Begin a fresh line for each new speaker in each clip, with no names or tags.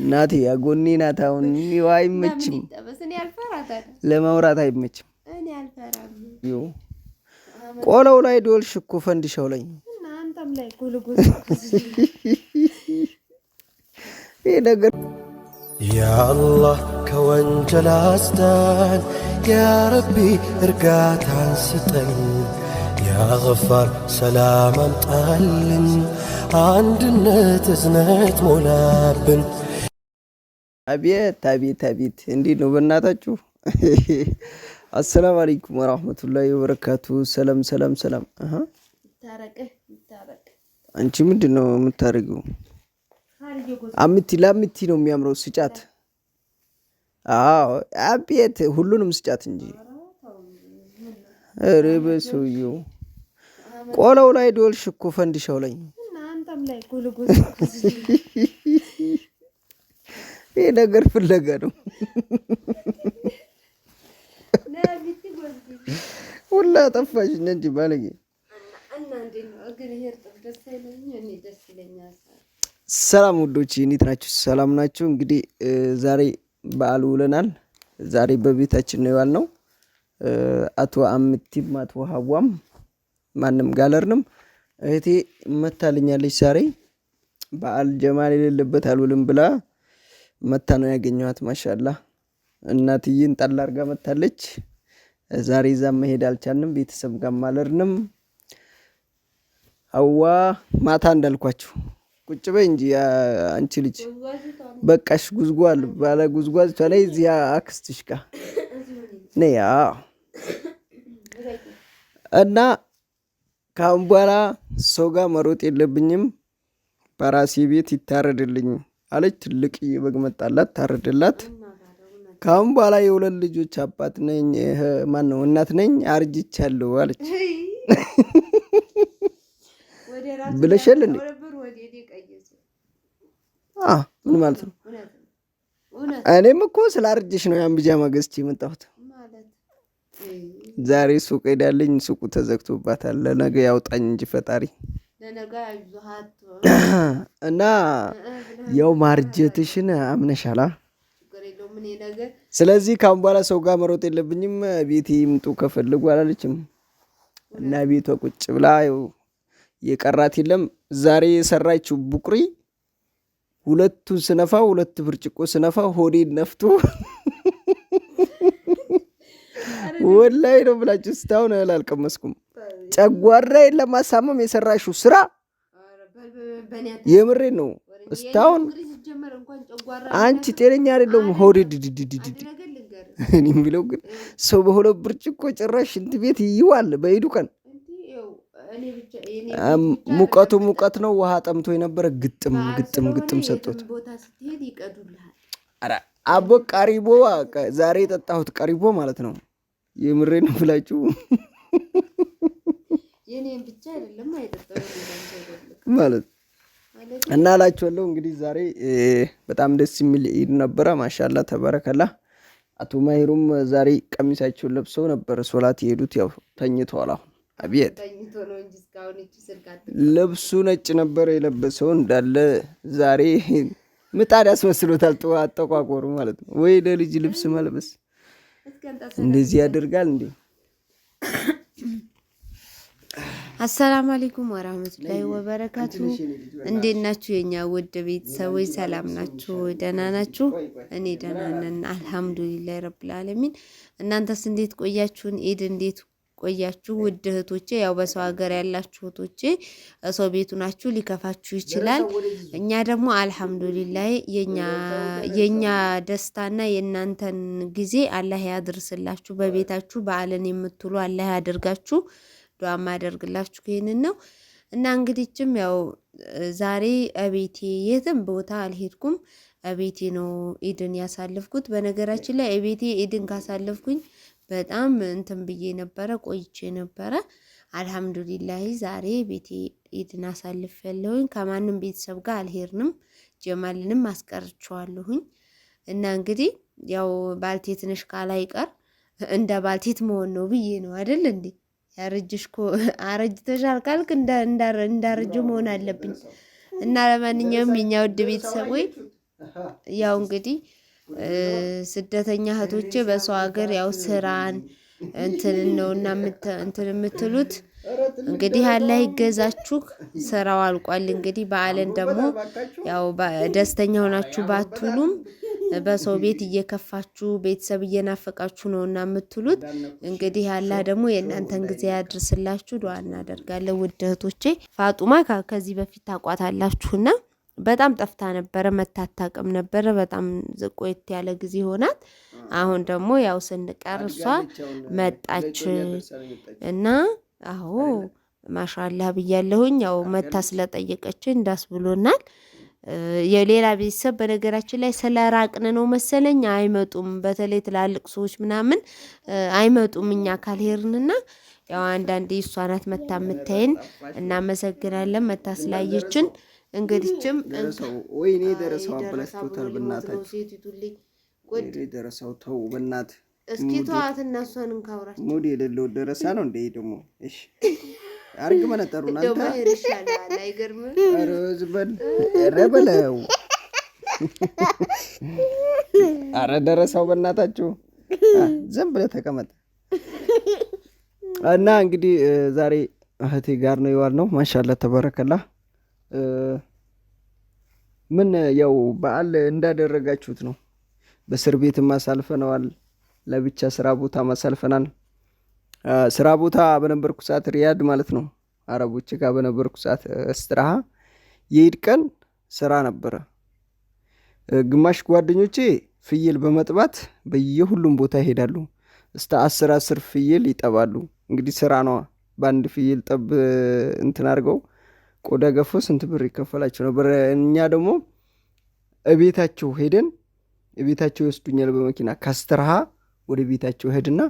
እናቴ አጎኒ ናት። አሁን ይኸው አይመችም፣ ለመውራት አይመችም። ቆለው ላይ ዶልሽ እኮ ፈንድሻው ላይ ይህ ነገር
ያአላህ ከወንጀል አስዳን፣ ያረቢ እርጋታን ስጠን፣ ያገፋር ሰላም አምጣልን፣ አንድነት እዝነት ሞላብን
አቤት አቤት አቤት እንዴት ነው በእናታችሁ? አሰላም አለይኩም ወራህመቱላሂ ወበረካቱ። ሰላም ሰላም ሰላም። አንቺ ምንድን ነው የምታደርጊው? አምቲ ላምቲ ነው የሚያምረው። ስጫት። አዎ አቤት ሁሉንም ስጫት እንጂ ኧረ በሰውዬው ቆለው ላይ ዶልሽ እኮ ፈንድሻው ላይ ይህ ነገር ፍለጋ ነው። ሁላ ጠፋሽ እንጂ ባለጌ ሰላም ውዶች፣ እንዴት ናችሁ? ሰላም ናችሁ? እንግዲህ ዛሬ በአል ውለናል። ዛሬ በቤታችን ነው የዋልነው። አቶ አምቲም አቶ ሀዋም ማንም ጋለርንም እህቴ መታልኛለች። ዛሬ በዓል ጀማል የሌለበት አልውልም ብላ መታ ነው ያገኘኋት። ማሻላ እናትዬን ጣል አድርጋ መታለች። ዛሬ ዛም መሄድ አልቻልንም፣ ቤተሰብ ጋር ማለርንም አዋ ማታ እንዳልኳችሁ ቁጭ በይ እንጂ አንቺ ልጅ በቃሽ። ጉዝጓል ባለ ጉዝጓዝ ላይ እዚያ አክስትሽ ጋ ነያ እና ከአሁን በኋላ ሰው ጋር መሮጥ የለብኝም። በራሴ ቤት ይታረድልኝ። አለች። ትልቅ በግ መጣላት፣ ታረደላት። ከአሁን በኋላ የሁለት ልጆች አባት ነኝ፣ ማን ነው እናት ነኝ፣ አርጅቻለሁ አለች። ብለሸል እንዴ? ምን ማለት ነው? እኔም እኮ ስለ አርጅሽ ነው ያን ቢጃማ ገዝቼ የመጣሁት። ዛሬ ሱቅ ሄዳለኝ፣ ሱቁ ተዘግቶባታል። ለነገ ያውጣኝ እንጂ ፈጣሪ እና ያው ማርጀትሽን አምነሻላ። ስለዚህ ካሁን በኋላ ሰው ጋር መሮጥ የለብኝም። ቤት ይምጡ ከፈልጉ አላለችም። እና ቤቷ ቁጭ ብላ የቀራት የለም። ዛሬ የሰራችው ቡቁሪ ሁለቱን ስነፋ፣ ሁለት ብርጭቆ ስነፋ ሆዴን ነፍቶ ወላይ ነው ብላችሁ ስታሁን አላልቀመስኩም ጨጓራዬን ለማሳመም የሰራሽው ስራ የምሬ ነው። እስታሁን አንቺ ጤነኛ አይደለሁም። ሆድ ድድድድድ እኔ የሚለው ግን ሰው በሆነ ብርጭቆ ጭራሽ ሽንት ቤት ይዋል በኢዱ ቀን ሙቀቱ ሙቀት ነው። ውሃ ጠምቶ የነበረ ግጥም ግጥም ግጥም ሰጡት። አቦ ቀሪቦ ዛሬ የጠጣሁት ቀሪቦ ማለት ነው። ነው ብላችሁ የኔን ብቻ አይደለም ማለት እና እላችኋለሁ። እንግዲህ ዛሬ በጣም ደስ የሚል ኢድ ነበረ። ማሻላ ተበረከላ። አቶ ማሂሩም ዛሬ ቀሚሳቸውን ለብሰው ነበር ሶላት የሄዱት። ያው ተኝተዋል። አሁን አብየት ልብሱ ነጭ ነበር የለበሰው እንዳለ ዛሬ ምጣድ ያስመስሎታል። አጠቋቆሩ ማለት ነው ወይ ለልጅ ልብስ መልበስ እንደዚህ ያደርጋል እንዴ?
አሰላም አለይኩም ወራህመቱላሂ ወበረካቱ። እንዴት ናችሁ የኛ ውድ ቤተሰቦች? ሰላም ናችሁ? ደህና ናችሁ? እኔ ደህና ነን አልሐምዱሊላሂ ረብል ዓለሚን። እናንተስ እንዴት ቆያችሁን? ኢድ እንዴት ቆያችሁ? ውድ እህቶቼ፣ ያው በሰው ሀገር ያላችሁ እህቶቼ ሰው ቤቱ ናችሁ፣ ሊከፋችሁ ይችላል። እኛ ደግሞ አልሐምዱሊላሂ የኛ ደስታና የእናንተን ጊዜ አላህ ያድርስላችሁ። በቤታችሁ በዓልን የምትውሉ አላህ ያድርጋችሁ። ዱዓ ማደርግላችሁ ይሄንን ነው እና እንግዲችም ያው ዛሬ እቤቴ የትም ቦታ አልሄድኩም። እቤቴ ነው ኢድን ያሳለፍኩት። በነገራችን ላይ እቤቴ ኢድን ካሳለፍኩኝ በጣም እንትን ብዬ ነበረ ቆይቼ ነበረ። አልሐምዱሊላሂ ዛሬ ቤቴ ኢድን አሳልፍ ያለሁኝ። ከማንም ቤተሰብ ጋር አልሄድንም። ጀማልንም አስቀርቸዋለሁኝ እና እንግዲህ ያው ባልቴትንሽ ካላይቀር እንደ ባልቴት መሆን ነው ብዬ ነው አይደል እንዴ? ያረጅሽ እኮ አረጅተሻል ካልክ እንዳረጁ መሆን አለብኝ። እና ለማንኛውም የኛ ውድ ቤተሰብ ያው እንግዲህ ስደተኛ እህቶቼ በሰው ሀገር ያው ስራን እንትን ነው እና እንትን የምትሉት እንግዲህ አላህ ይገዛችሁ። ስራው አልቋል። እንግዲህ በዓልን ደግሞ ያው ደስተኛ ሆናችሁ ባትሉም በሰው ቤት እየከፋችሁ ቤተሰብ እየናፈቃችሁ ነው እና የምትሉት እንግዲህ አላህ ደግሞ የእናንተን ጊዜ ያድርስላችሁ ዱዓ እናደርጋለን። ውድ እህቶቼ ፋጡማ ከዚህ በፊት ታቋታላችሁና በጣም ጠፍታ ነበረ፣ መታታቅም ነበረ። በጣም ቆየት ያለ ጊዜ ሆናት። አሁን ደግሞ ያው ስንቀር እሷ መጣች እና አዎ ማሻላህ ብያለሁኝ። ያው መታ ስለጠየቀችን እንዳስ ብሎናል። የሌላ ቤተሰብ በነገራችን ላይ ስለራቅን ነው መሰለኝ አይመጡም። በተለይ ትላልቅ ሰዎች ምናምን አይመጡም እኛ ካልሄርንና ያው አንዳንዴ እሷ ናት መታ የምታይን። እናመሰግናለን መታ ስላየችን። እንግዲችም
ወይኔ ደረሰው አበላሽቶታል። በእናታችሁ ደረሰው ተው፣ በእናት
እስኪ ተዋት እና እሷን እንካውራቸው።
ሙድ የሌለው ደረሳ ነው እንደ ደግሞ እሺ አርግ መነጠሩ ናንተ ዝበል ኧረ በለው። አረ ደረሰው በእናታችሁ ዝም ብለህ ተቀመጠ እና እንግዲህ ዛሬ እህቴ ጋር ነው የዋል ነው። ማሻላ ተበረከላ። ምን ያው በዓል እንዳደረጋችሁት ነው? በእስር ቤትም አሳልፈነዋል። ለብቻ ስራ ቦታ ማሳልፈናል። ስራ ቦታ በነበርኩ ሰዓት ሪያድ ማለት ነው አረቦች ጋር በነበርኩ ሰዓት እስትራሃ የኢድ ቀን ስራ ነበረ። ግማሽ ጓደኞቼ ፍየል በመጥባት በየሁሉም ቦታ ይሄዳሉ። እስተ አስር አስር ፍየል ይጠባሉ። እንግዲህ ስራ ነዋ። በአንድ ፍየል ጠብ እንትን አድርገው ቆዳ ገፎ ስንት ብር ይከፈላቸው ነበር። እኛ ደግሞ እቤታቸው ሄደን እቤታቸው ይወስዱኛል በመኪና ከስትርሃ ወደ ቤታቸው ሄድና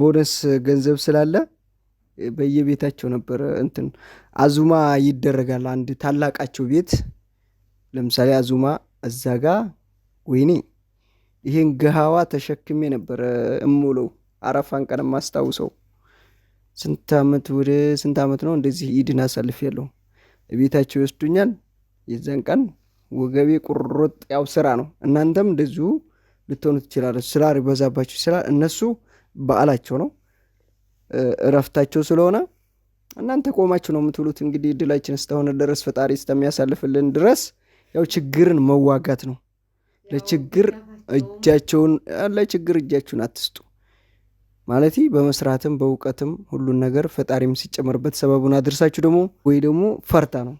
ቦነስ ገንዘብ ስላለ በየቤታቸው ነበረ እንትን አዙማ ይደረጋል። አንድ ታላቃቸው ቤት ለምሳሌ አዙማ እዛ ጋ ወይኔ ይሄን ገሃዋ ተሸክሜ ነበረ እሞለው አረፋን ቀን ማስታውሰው ስንት ዓመት ወደ ስንት ዓመት ነው እንደዚህ ኢድን አሳልፍ ያለው ቤታቸው ይወስዱኛል። የዛን ቀን ወገቤ ቁርጥ ያው ስራ ነው። እናንተም እንደዚሁ ልትሆኑ ትችላለች። ስራ ይበዛባችሁ ይችላል እነሱ በዓላቸው ነው፣ እረፍታቸው ስለሆነ እናንተ ቆማችሁ ነው የምትውሉት። እንግዲህ እድላችን እስተሆነ ድረስ ፈጣሪ እስከሚያሳልፍልን ድረስ ያው ችግርን መዋጋት ነው። ለችግር እጃቸውን ለችግር እጃችሁን አትስጡ ማለት በመስራትም በእውቀትም ሁሉን ነገር ፈጣሪም ሲጨመርበት ሰበቡን አድርሳችሁ ደግሞ ወይ ደግሞ ፈርታ ነው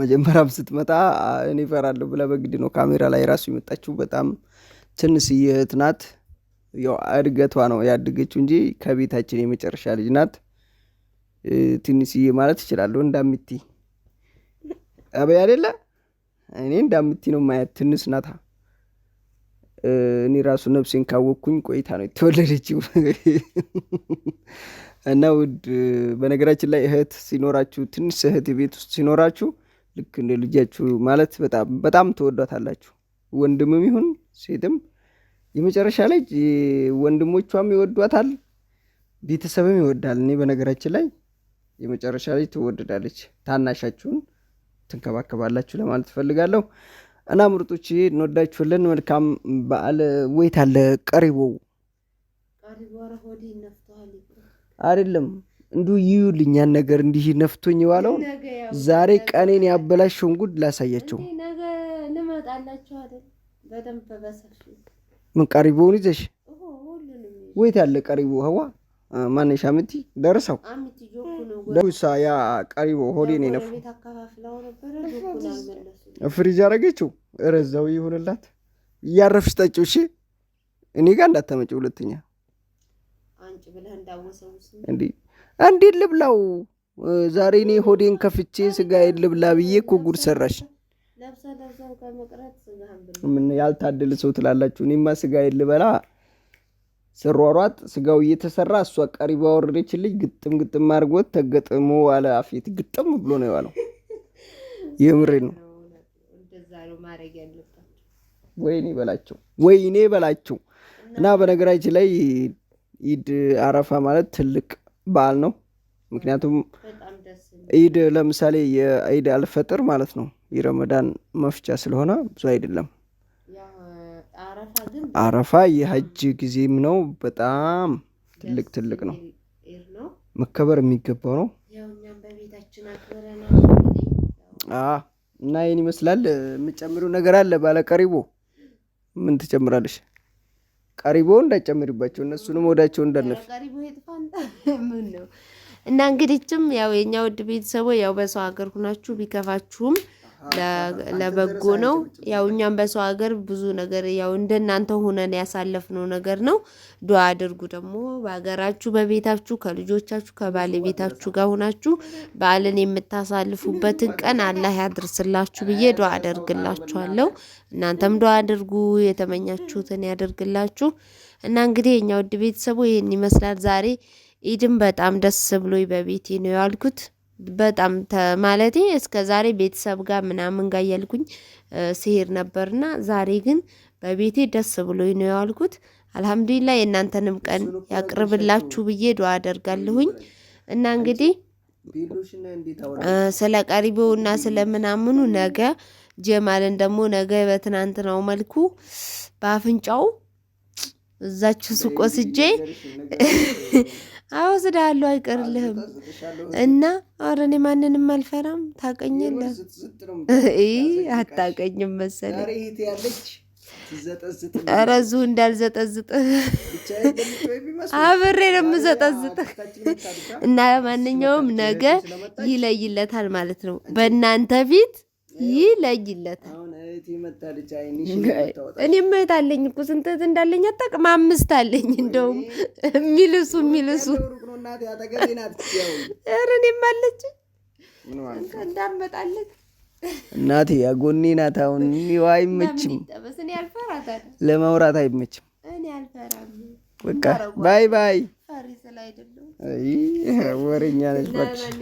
መጀመሪያም ስትመጣ እኔ እፈራለሁ ብለ በግድ ነው ካሜራ ላይ ራሱ የመጣችሁ በጣም ትንሽዬ እህት ናት። ያው እድገቷ ነው ያደገችው እንጂ ከቤታችን የመጨረሻ ልጅ ናት። ትንሽዬ ማለት እችላለሁ። እንዳምቲ አበ አደለ እኔ እንዳምቲ ነው ማየት። ትንስ ናታ። እኔ ራሱ ነፍሴን ካወቅኩኝ ቆይታ ነው የተወለደችው። እና ውድ በነገራችን ላይ እህት ሲኖራችሁ፣ ትንሽ እህት ቤት ውስጥ ሲኖራችሁ ልክ እንደ ልጃችሁ ማለት በጣም በጣም ትወዷታላችሁ። ወንድምም ይሁን ሴትም የመጨረሻ ላይ ወንድሞቿም ይወዷታል፣ ቤተሰብም ይወዳል። እኔ በነገራችን ላይ የመጨረሻ ላይ ትወደዳለች። ታናሻችሁን ትንከባከባላችሁ ለማለት ትፈልጋለሁ እና ምርጦች እንወዳችሁልን። መልካም በዓል። ወይት አለ ቀሪቦው አይደለም እንዲሁ ይዩልኛን ነገር እንዲህ ነፍቶኝ የዋለው ዛሬ ቀኔን ያበላሸውን ጉድ ላሳያቸው። ምን ቀሪቦውን ይዘሽ ወይት ያለ ቀሪቦ ህዋ ማነሽ አምቲ ደርሰው ደውሳ ያ ቀሪቦ ሆዴን ነፉ ፍሪጅ አረገችው። ረዛው ይሁንላት። እያረፍሽ ጠጪው። እሺ እኔ ጋር እንዳተመጪ ሁለተኛ። እንዴት ልብላው ዛሬ? እኔ ሆዴን ከፍቼ ስጋ ልብላ ብዬ እኮ ጉድ ሰራሽ። ምን ያልታደል ሰው ትላላችሁ? እኔማ ስጋ ልበላ ስሯሯጥ ስጋው እየተሰራ እሷ ቀሪ ባወረደችልኝ ግጥም ግጥም አድርጎት ተገጥሞ አለ አፌት ግጥም ብሎ ነው የዋለው። የምሬ ነው። ወይኔ በላቸው ወይኔ በላቸው። እና በነገራችን ላይ ኢድ አረፋ ማለት ትልቅ በዓል ነው። ምክንያቱም ኢድ ለምሳሌ የኢድ አልፈጥር ማለት ነው የረመዳን መፍቻ ስለሆነ ብዙ አይደለም። አረፋ የሀጅ ጊዜም ነው። በጣም ትልቅ ትልቅ ነው፣ መከበር የሚገባው ነው እና ይህን ይመስላል። የምጨምሩ ነገር አለ ባለ ቀሪቦ ምን ትጨምራለሽ? ቀሪቦ እንዳጨምሪባቸው እነሱንም ወዳቸው እንዳነፍ
እና እንግዲችም ያው የኛ ውድ ቤተሰቦ ያው በሰው ሀገር ሁናችሁ ቢከፋችሁም ለበጎ ነው። ያው እኛም በሰው ሀገር ብዙ ነገር ያው እንደናንተ ሆነን ያሳለፍነው ነገር ነው። ዱዋ አድርጉ ደግሞ በሀገራችሁ፣ በቤታችሁ፣ ከልጆቻችሁ ከባለቤታችሁ ጋር ሆናችሁ በዓልን የምታሳልፉበትን ቀን አላህ ያድርስላችሁ ብዬ ዱዋ አደርግላችኋለሁ። እናንተም ዱዓ አድርጉ፣ የተመኛችሁትን ያደርግላችሁ እና እንግዲህ የኛ ውድ ቤተሰቦ ይህን ይመስላል ዛሬ ኢድም በጣም ደስ ብሎኝ በቤቴ ነው ያልኩት። በጣም ማለቴ እስከ ዛሬ ቤተሰብ ጋር ምናምን ጋር እያልኩኝ ስሄድ ነበርና ዛሬ ግን በቤቴ ደስ ብሎኝ ነው ያልኩት። አልሐምዱሊላ የእናንተንም ቀን ያቅርብላችሁ ብዬ ዱዓ አደርጋለሁኝ እና እንግዲህ ስለ ስለምናምኑ ነገ ጀማልን ደግሞ ነገ በትናንትናው መልኩ በአፍንጫው እዛችሁ ሱቆ ስጄ አዎ ዝዳለሁ አይቀርልህም። እና ኧረ እኔ ማንንም አልፈራም። ታቀኝለህ አታቀኝም መሰለኝ። ኧረ እዚሁ እንዳልዘጠዝጥህ አብሬ ነው የምዘጠዝጥህ። እና ማንኛውም ነገ ይለይለታል ማለት ነው በእናንተ ፊት ይለይለታል። እኔም እህት አለኝ እኮ ስንት እህት እንዳለኝ አታውቅም። አምስት አለኝ እንደውም የሚልሱ የሚልሱ ኧረ እኔም አለችኝ
እንዳመጣለት እናቴ ያጎኔ ናት። አሁን አይመችም፣ ለማውራት አይመችም። በቃ ባይ ባይ። ወሬኛ ነች።